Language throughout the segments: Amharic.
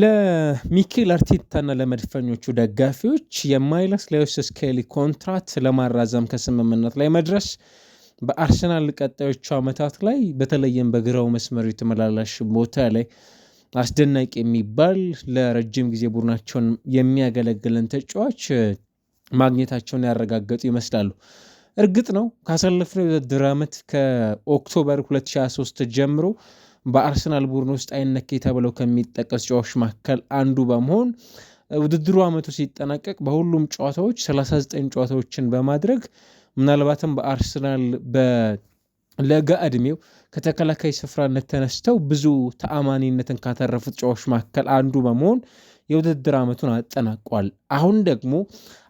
ለሚኬል አርቴታና ለመድፈኞቹ ደጋፊዎች የማይለስ ሌዊስ ስኬሊ ኮንትራት ለማራዘም ከስምምነት ላይ መድረስ በአርሰናል ቀጣዮቹ ዓመታት ላይ በተለይም በግራው መስመር የተመላላሽ ቦታ ላይ አስደናቂ የሚባል ለረጅም ጊዜ ቡድናቸውን የሚያገለግልን ተጫዋች ማግኘታቸውን ያረጋገጡ ይመስላሉ። እርግጥ ነው ካሳለፍነው የውድድር ዓመት ከኦክቶበር 2023 ጀምሮ በአርሰናል ቡድን ውስጥ አይነኬ ተብለው ከሚጠቀስ ጨዋቾች መካከል አንዱ በመሆን ውድድሩ ዓመቱ ሲጠናቀቅ በሁሉም ጨዋታዎች 39 ጨዋታዎችን በማድረግ ምናልባትም በአርሰናል በለጋ ዕድሜው ከተከላካይ ስፍራነት ተነስተው ብዙ ተአማኒነትን ካተረፉት ጨዋቾች መካከል አንዱ በመሆን የውድድር ዓመቱን አጠናቋል። አሁን ደግሞ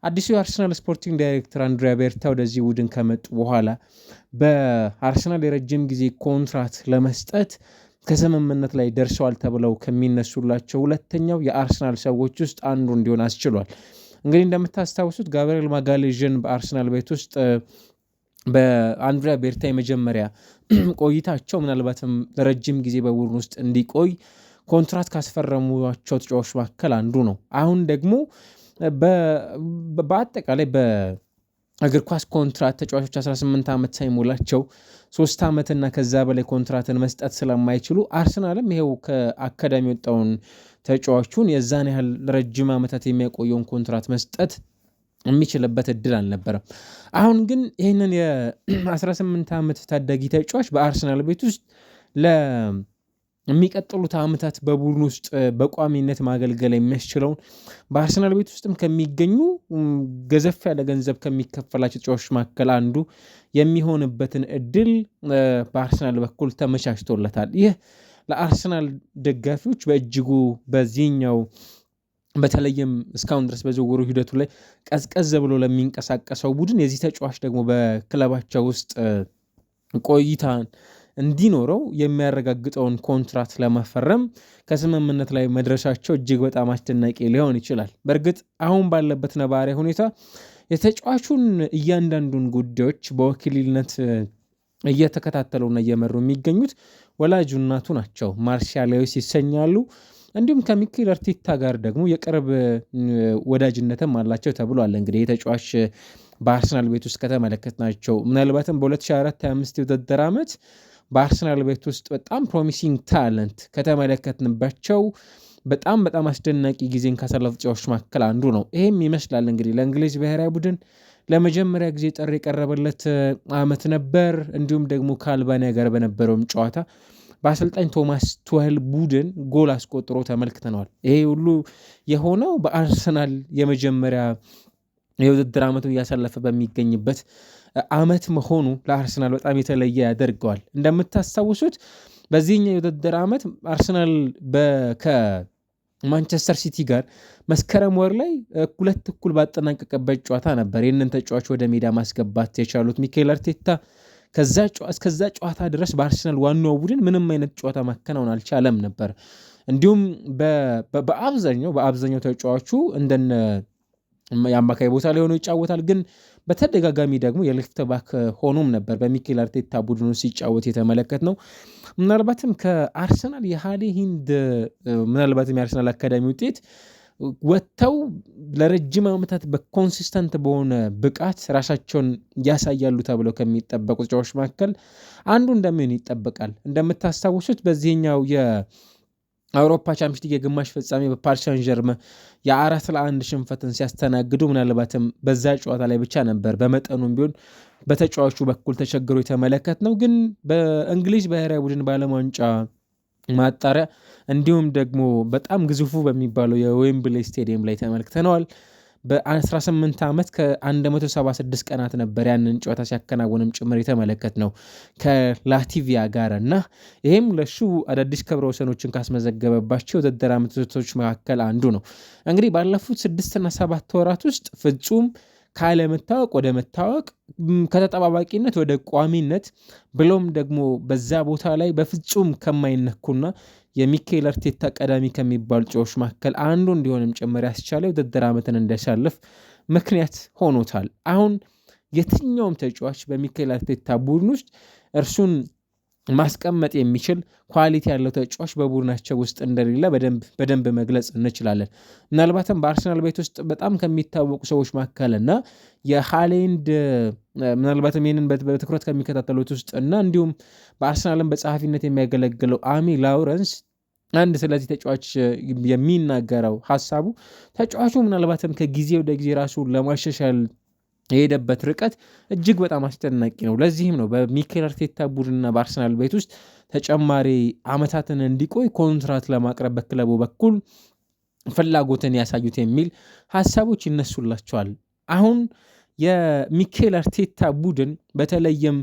አዲሱ የአርሰናል ስፖርቲንግ ዳይሬክተር አንድሪያ ቤርታ ወደዚህ ቡድን ከመጡ በኋላ በአርሰናል የረጅም ጊዜ ኮንትራት ለመስጠት ከስምምነት ላይ ደርሰዋል ተብለው ከሚነሱላቸው ሁለተኛው የአርሰናል ሰዎች ውስጥ አንዱ እንዲሆን አስችሏል። እንግዲህ እንደምታስታውሱት ጋብርኤል ማጋሌዥን በአርሰናል ቤት ውስጥ በአንድሪያ ቤርታ የመጀመሪያ ቆይታቸው ምናልባትም ለረጅም ጊዜ በቡድን ውስጥ እንዲቆይ ኮንትራት ካስፈረሟቸው ተጫዋቾች መካከል አንዱ ነው። አሁን ደግሞ በአጠቃላይ በእግር ኳስ ኮንትራት ተጫዋቾች 18 ዓመት ሳይሞላቸው ሶስት ዓመትና ከዛ በላይ ኮንትራትን መስጠት ስለማይችሉ አርሰናልም ይሄው ከአካዳሚ ወጣውን ተጫዋቹን የዛን ያህል ረጅም ዓመታት የሚያቆየውን ኮንትራት መስጠት የሚችልበት እድል አልነበረም። አሁን ግን ይህንን የ18 ዓመት ታዳጊ ተጫዋች በአርሰናል ቤት ውስጥ ለ የሚቀጥሉት ዓመታት በቡድን ውስጥ በቋሚነት ማገልገል የሚያስችለውን በአርሰናል ቤት ውስጥም ከሚገኙ ገዘፍ ያለ ገንዘብ ከሚከፈላቸው ተጫዋቾች መካከል አንዱ የሚሆንበትን እድል በአርሰናል በኩል ተመቻችቶለታል። ይህ ለአርሰናል ደጋፊዎች በእጅጉ በዚህኛው በተለይም እስካሁን ድረስ በዝውውሩ ሂደቱ ላይ ቀዝቀዝ ብሎ ለሚንቀሳቀሰው ቡድን የዚህ ተጫዋች ደግሞ በክለባቸው ውስጥ ቆይታን እንዲኖረው የሚያረጋግጠውን ኮንትራት ለመፈረም ከስምምነት ላይ መድረሻቸው እጅግ በጣም አስደናቂ ሊሆን ይችላል። በእርግጥ አሁን ባለበት ነባሪያ ሁኔታ የተጫዋቹን እያንዳንዱን ጉዳዮች በወኪልነት እየተከታተሉና እየመሩ የሚገኙት ወላጁ እናቱ ናቸው። ማርሻላዊስ ይሰኛሉ። እንዲሁም ከሚኬል አርቴታ ጋር ደግሞ የቅርብ ወዳጅነትም አላቸው ተብሏል። እንግዲህ የተጫዋች በአርሰናል ቤት ውስጥ ከተመለከት ናቸው ምናልባትም በ2024/25 የውድድር ዓመት በአርሰናል ቤት ውስጥ በጣም ፕሮሚሲንግ ታለንት ከተመለከትንባቸው በጣም በጣም አስደናቂ ጊዜን ካሳለፉ ተጫዋቾች መካከል አንዱ ነው። ይህም ይመስላል እንግዲህ ለእንግሊዝ ብሔራዊ ቡድን ለመጀመሪያ ጊዜ ጥሪ የቀረበለት ዓመት ነበር። እንዲሁም ደግሞ ከአልባንያ ጋር በነበረውም ጨዋታ በአሰልጣኝ ቶማስ ቱኸል ቡድን ጎል አስቆጥሮ ተመልክተነዋል። ይሄ ሁሉ የሆነው በአርሰናል የመጀመሪያ የውድድር ዓመቱ እያሳለፈ በሚገኝበት ዓመት መሆኑ ለአርሰናል በጣም የተለየ ያደርገዋል። እንደምታስታውሱት በዚህኛው የውድድር ዓመት አርሰናል ማንቸስተር ሲቲ ጋር መስከረም ወር ላይ ሁለት እኩል ባጠናቀቀበት ጨዋታ ነበር ይህንን ተጫዋች ወደ ሜዳ ማስገባት የቻሉት ሚካኤል አርቴታ። እስከዛ ጨዋታ ድረስ በአርሰናል ዋናው ቡድን ምንም አይነት ጨዋታ ማከናወን አልቻለም ነበር። እንዲሁም በአብዛኛው በአብዛኛው ተጫዋቹ እንደነ የአማካይ ቦታ ላይ ሆኖ ይጫወታል። ግን በተደጋጋሚ ደግሞ የሌፍት ባክ ሆኖም ነበር በሚኬል አርቴታ ቡድኑ ሲጫወት የተመለከት ነው። ምናልባትም ከአርሰናል የሃሌ ሂንድ ምናልባትም የአርሰናል አካዳሚ ውጤት ወጥተው ለረጅም ዓመታት በኮንሲስተንት በሆነ ብቃት ራሳቸውን ያሳያሉ ተብለው ከሚጠበቁ ተጫዋቾች መካከል አንዱ እንደሚሆን ይጠበቃል። እንደምታስታውሱት በዚህኛው የ አውሮፓ ቻምፒዮንስ ሊግ የግማሽ ፍጻሜ በፓሪስ ሴን የአራት ለአንድ ሽንፈትን ሲያስተናግዱ ምናልባትም በዛ ጨዋታ ላይ ብቻ ነበር በመጠኑም ቢሆን በተጫዋቹ በኩል ተቸግሮ የተመለከት ነው። ግን በእንግሊዝ ብሔራዊ ቡድን በዓለም ዋንጫ ማጣሪያ እንዲሁም ደግሞ በጣም ግዙፉ በሚባለው የዌምብሌይ ስቴዲየም ላይ ተመልክተነዋል። በ18 ዓመት ከ176 ቀናት ነበር ያንን ጨዋታ ሲያከናውንም ጭምር የተመለከት ነው ከላቲቪያ ጋር እና ይህም ለሹ አዳዲስ ክብረ ወሰኖችን ካስመዘገበባቸው የውድድር ዓመቶች መካከል አንዱ ነው። እንግዲህ ባለፉት ስድስትና ሰባት ወራት ውስጥ ፍጹም ካለመታወቅ ወደ መታወቅ ከተጠባባቂነት ወደ ቋሚነት ብሎም ደግሞ በዛ ቦታ ላይ በፍጹም ከማይነኩና የሚካኤል አርቴታ ቀዳሚ ከሚባሉ ጨዋቾች መካከል አንዱ እንዲሆንም ጭምር ያስቻለ ውድድር ዓመትን እንዲያሳልፍ ምክንያት ሆኖታል። አሁን የትኛውም ተጫዋች በሚካኤል አርቴታ ቡድን ውስጥ እርሱን ማስቀመጥ የሚችል ኳሊቲ ያለው ተጫዋች በቡድናቸው ውስጥ እንደሌለ በደንብ መግለጽ እንችላለን። ምናልባትም በአርሰናል ቤት ውስጥ በጣም ከሚታወቁ ሰዎች መካከል እና የሃሌንድ ምናልባትም ይህንን በትኩረት ከሚከታተሉት ውስጥ እና እንዲሁም በአርሰናልም በጸሐፊነት የሚያገለግለው አሚ ላውረንስ አንድ ስለዚህ ተጫዋች የሚናገረው ሀሳቡ ተጫዋቹ ምናልባትም ከጊዜ ወደ ጊዜ ራሱ ለማሻሻል የሄደበት ርቀት እጅግ በጣም አስደናቂ ነው። ለዚህም ነው በሚኬል አርቴታ ቡድንና በአርሰናል ቤት ውስጥ ተጨማሪ ዓመታትን እንዲቆይ ኮንትራት ለማቅረብ በክለቡ በኩል ፍላጎትን ያሳዩት የሚል ሀሳቦች ይነሱላቸዋል። አሁን የሚኬል አርቴታ ቡድን በተለይም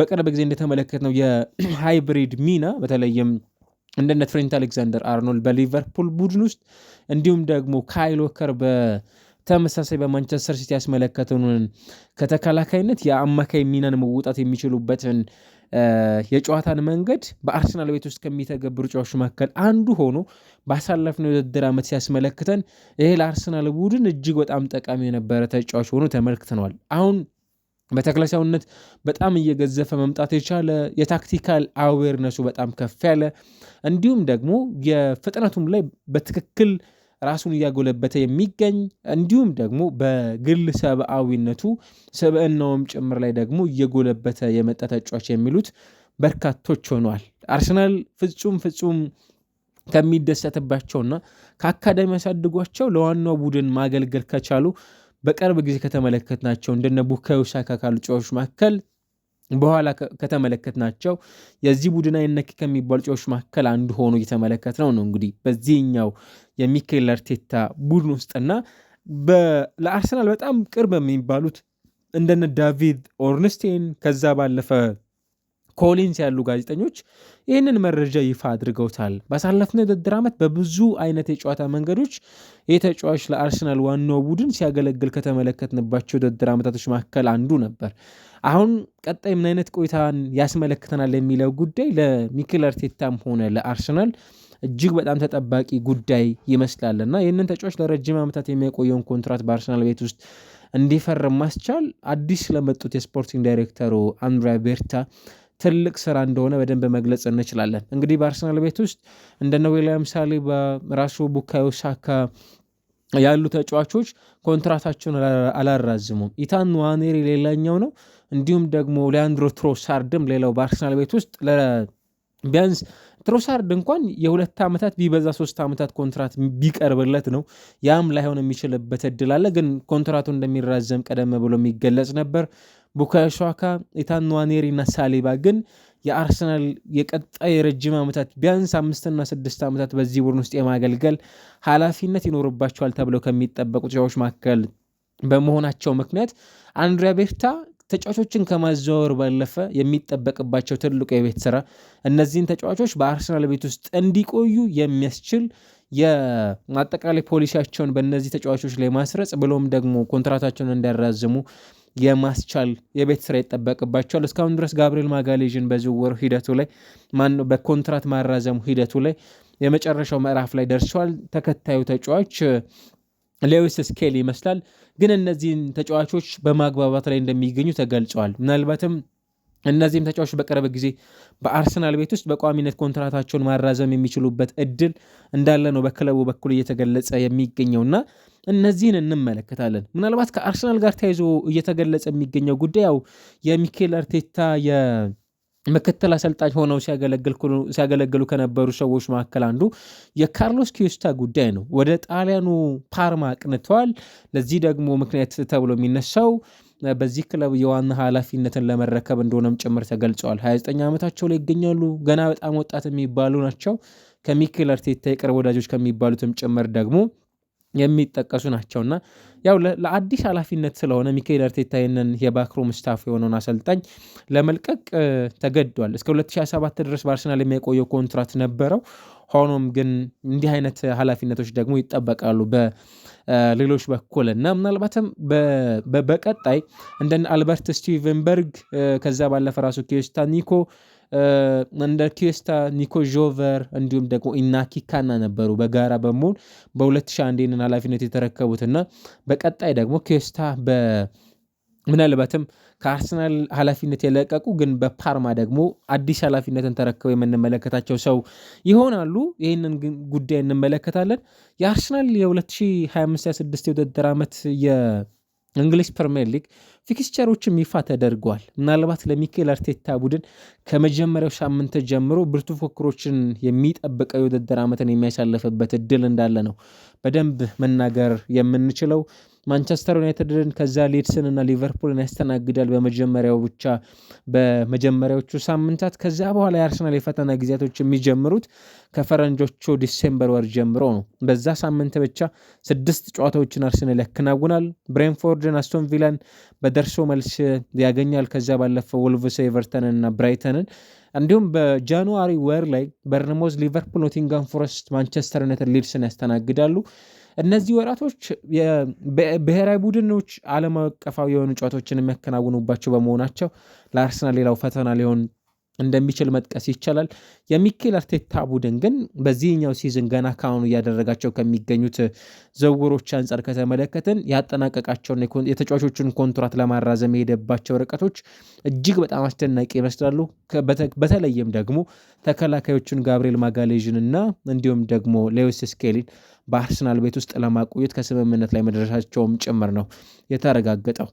በቅርብ ጊዜ እንደተመለከትነው የሃይብሪድ ሚና በተለይም እንደነ ትሬንት አሌክዛንደር አርኖልድ በሊቨርፑል ቡድን ውስጥ እንዲሁም ደግሞ ካይል ወከር ተመሳሳይ በማንቸስተር ሲቲ ያስመለከተውን ከተከላካይነት የአማካይ ሚናን መወጣት የሚችሉበትን የጨዋታን መንገድ በአርሰናል ቤት ውስጥ ከሚተገብሩ ጨዋቾች መካከል አንዱ ሆኖ ባሳለፍነው የውድድር ዓመት ሲያስመለክተን ይሄ ለአርሰናል ቡድን እጅግ በጣም ጠቃሚ የነበረ ተጫዋች ሆኖ ተመልክተነዋል። አሁን በተክለሰውነት በጣም እየገዘፈ መምጣት የቻለ የታክቲካል አዌርነሱ በጣም ከፍ ያለ እንዲሁም ደግሞ የፍጥነቱም ላይ በትክክል ራሱን እያጎለበተ የሚገኝ እንዲሁም ደግሞ በግል ሰብአዊነቱ ሰብእናውም ጭምር ላይ ደግሞ እየጎለበተ የመጣ ተጫዋች የሚሉት በርካቶች ሆኗል። አርሰናል ፍጹም ፍጹም ከሚደሰትባቸውና ከአካዳሚ ያሳድጓቸው ለዋናው ቡድን ማገልገል ከቻሉ በቅርብ ጊዜ ከተመለከትናቸው እንደነ ቡካዮ ሳካ ካሉ ተጫዋቾች መካከል በኋላ ከተመለከትናቸው የዚህ ቡድን አይነክ ከሚባሉ ጨዋቾች መካከል አንዱ ሆኖ እየተመለከት ነው ነው እንግዲህ በዚህኛው የሚካኤል አርቴታ ቡድን ውስጥና ለአርሰናል በጣም ቅርብ የሚባሉት እንደነ ዳቪድ ኦርንስቴን ከዛ ባለፈ ኮሊንስ ያሉ ጋዜጠኞች ይህንን መረጃ ይፋ አድርገውታል። ባሳለፍነው የውድድር ዓመት በብዙ አይነት የጨዋታ መንገዶች የተጫዋች ለአርሰናል ዋናው ቡድን ሲያገለግል ከተመለከትንባቸው የውድድር ዓመታቶች መካከል አንዱ ነበር። አሁን ቀጣይ ምን አይነት ቆይታን ያስመለክተናል የሚለው ጉዳይ ለሚኬል አርቴታም ሆነ ለአርሰናል እጅግ በጣም ተጠባቂ ጉዳይ ይመስላል እና ይህንን ተጫዋች ለረጅም ዓመታት የሚያቆየውን ኮንትራት በአርሰናል ቤት ውስጥ እንዲፈርም ማስቻል አዲስ ለመጡት የስፖርቲንግ ዳይሬክተሩ አንድሪያ ቤርታ ትልቅ ስራ እንደሆነ በደንብ መግለጽ እንችላለን። እንግዲህ በአርሰናል ቤት ውስጥ እንደነ ዊሊያም ሳሊባ ቡካዮ ሳካ ያሉ ተጫዋቾች ኮንትራታቸውን አላራዝሙም። ኢታን ንዋኔሪ ሌላኛው ነው። እንዲሁም ደግሞ ሊያንድሮ ትሮሳርድም ሌላው በአርሰናል ቤት ውስጥ ቢያንስ ትሮሳርድ እንኳን የሁለት ዓመታት ቢበዛ ሶስት ዓመታት ኮንትራት ቢቀርብለት ነው። ያም ላይሆን የሚችልበት እድል አለ። ግን ኮንትራቱ እንደሚራዘም ቀደም ብሎ የሚገለጽ ነበር። ቡካዮ ሻካ፣ ኢታን ንዋኔሪ እና ሳሊባ ግን የአርሰናል የቀጣይ የረጅም ዓመታት ቢያንስ አምስትና ስድስት ዓመታት በዚህ ቡድን ውስጥ የማገልገል ኃላፊነት ይኖርባቸዋል ተብለው ከሚጠበቁ ተጫዋቾች መካከል በመሆናቸው ምክንያት አንድሪያ ቤርታ ተጫዋቾችን ከማዘዋወር ባለፈ የሚጠበቅባቸው ትልቁ የቤት ስራ እነዚህን ተጫዋቾች በአርሰናል ቤት ውስጥ እንዲቆዩ የሚያስችል የአጠቃላይ ፖሊሲያቸውን በእነዚህ ተጫዋቾች ላይ ማስረጽ ብሎም ደግሞ ኮንትራታቸውን እንዳያራዝሙ የማስቻል የቤት ስራ ይጠበቅባቸዋል። እስካሁን ድረስ ጋብሪኤል ማጋሌዥን በዝውውር ሂደቱ ላይ ማነው በኮንትራት ማራዘሙ ሂደቱ ላይ የመጨረሻው ምዕራፍ ላይ ደርሰዋል። ተከታዩ ተጫዋች ሌዊስ ስኬል ይመስላል። ግን እነዚህን ተጫዋቾች በማግባባት ላይ እንደሚገኙ ተገልጸዋል። ምናልባትም እነዚህም ተጫዋቾች በቀረበ ጊዜ በአርሰናል ቤት ውስጥ በቋሚነት ኮንትራታቸውን ማራዘም የሚችሉበት እድል እንዳለ ነው በክለቡ በኩል እየተገለጸ የሚገኘውና እነዚህን እንመለከታለን። ምናልባት ከአርሰናል ጋር ተያይዞ እየተገለጸ የሚገኘው ጉዳይ ያው የሚኬል አርቴታ ምክትል አሰልጣኝ ሆነው ሲያገለግሉ ከነበሩ ሰዎች መካከል አንዱ የካርሎስ ኪዩስታ ጉዳይ ነው። ወደ ጣሊያኑ ፓርማ አቅንተዋል። ለዚህ ደግሞ ምክንያት ተብሎ የሚነሳው በዚህ ክለብ የዋና ኃላፊነትን ለመረከብ እንደሆነም ጭምር ተገልጸዋል። 29 ዓመታቸው ላይ ይገኛሉ። ገና በጣም ወጣት የሚባሉ ናቸው። ከሚኬል አርቴታ የቅርብ ወዳጆች ከሚባሉትም ጭምር ደግሞ የሚጠቀሱ ናቸውና ያው ለአዲስ ኃላፊነት ስለሆነ ሚካኤል አርቴታ ይህንን የባክሮም ስታፍ የሆነውን አሰልጣኝ ለመልቀቅ ተገዷል። እስከ 2027 ድረስ በአርሰናል የሚያቆየው ኮንትራት ነበረው። ሆኖም ግን እንዲህ አይነት ኃላፊነቶች ደግሞ ይጠበቃሉ በ ሌሎች በኩል እና ምናልባትም በቀጣይ እንደነ አልበርት ስቲቨንበርግ ከዛ ባለፈ ራሱ ኪዮስታ ኒኮ እንደ ኪዮስታ ኒኮ ጆቨር እንዲሁም ደግሞ ኢናኪ ካና ነበሩ በጋራ በመሆን በ2001 ይህንን ኃላፊነት የተረከቡት እና በቀጣይ ደግሞ ኪዮስታ በ ምናልባትም ከአርሰናል ኃላፊነት የለቀቁ ግን በፓርማ ደግሞ አዲስ ኃላፊነትን ተረክበው የምንመለከታቸው ሰው ይሆናሉ። ይህንን ጉዳይ እንመለከታለን። የአርሰናል የ2025/26 የውድድር ዓመት የእንግሊዝ ፕሪምየር ሊግ ፊክስቸሮችም ይፋ ተደርገዋል። ምናልባት ለሚካኤል አርቴታ ቡድን ከመጀመሪያው ሳምንት ጀምሮ ብርቱ ፉክክሮችን የሚጠብቀው የውድድር ዓመትን የሚያሳልፍበት እድል እንዳለ ነው በደንብ መናገር የምንችለው። ማንቸስተር ዩናይትድን ከዛ ሊድስን እና ሊቨርፑልን ያስተናግዳል በመጀመሪያው ብቻ በመጀመሪያዎቹ ሳምንታት። ከዛ በኋላ የአርሰናል የፈተና ጊዜያቶች የሚጀምሩት ከፈረንጆቹ ዲሴምበር ወር ጀምሮ ነው። በዛ ሳምንት ብቻ ስድስት ጨዋታዎችን አርሰናል ያከናውናል። ብሬንፎርድን፣ አስቶን ቪላን በደርሶ መልስ ያገኛል። ከዛ ባለፈው ወልቭስ፣ ኤቨርተንን እና ብራይተንን እንዲሁም በጃንዋሪ ወር ላይ በርንሞዝ፣ ሊቨርፑል፣ ኖቲንጋም ፎረስት፣ ማንቸስተር ዩናይትድ ሊድስን ያስተናግዳሉ። እነዚህ ወራቶች ብሔራዊ ቡድኖች አለም አቀፋዊ የሆኑ ጨዋታዎችን የሚያከናውኑባቸው በመሆናቸው ለአርሰናል ሌላው ፈተና ሊሆን እንደሚችል መጥቀስ ይቻላል። የሚኬል አርቴታ ቡድን ግን በዚህኛው ሲዝን ገና ካሁኑ እያደረጋቸው ከሚገኙት ዝውውሮች አንጻር ከተመለከትን ያጠናቀቃቸውን የተጫዋቾቹን ኮንትራት ለማራዘም የሄደባቸው ርቀቶች እጅግ በጣም አስደናቂ ይመስላሉ። በተለይም ደግሞ ተከላካዮቹን ጋብሪኤል ማጋሌዥን እና እንዲሁም ደግሞ ሌዊስ ስኬሊን በአርሰናል ቤት ውስጥ ለማቆየት ከስምምነት ላይ መድረሳቸውም ጭምር ነው የተረጋገጠው።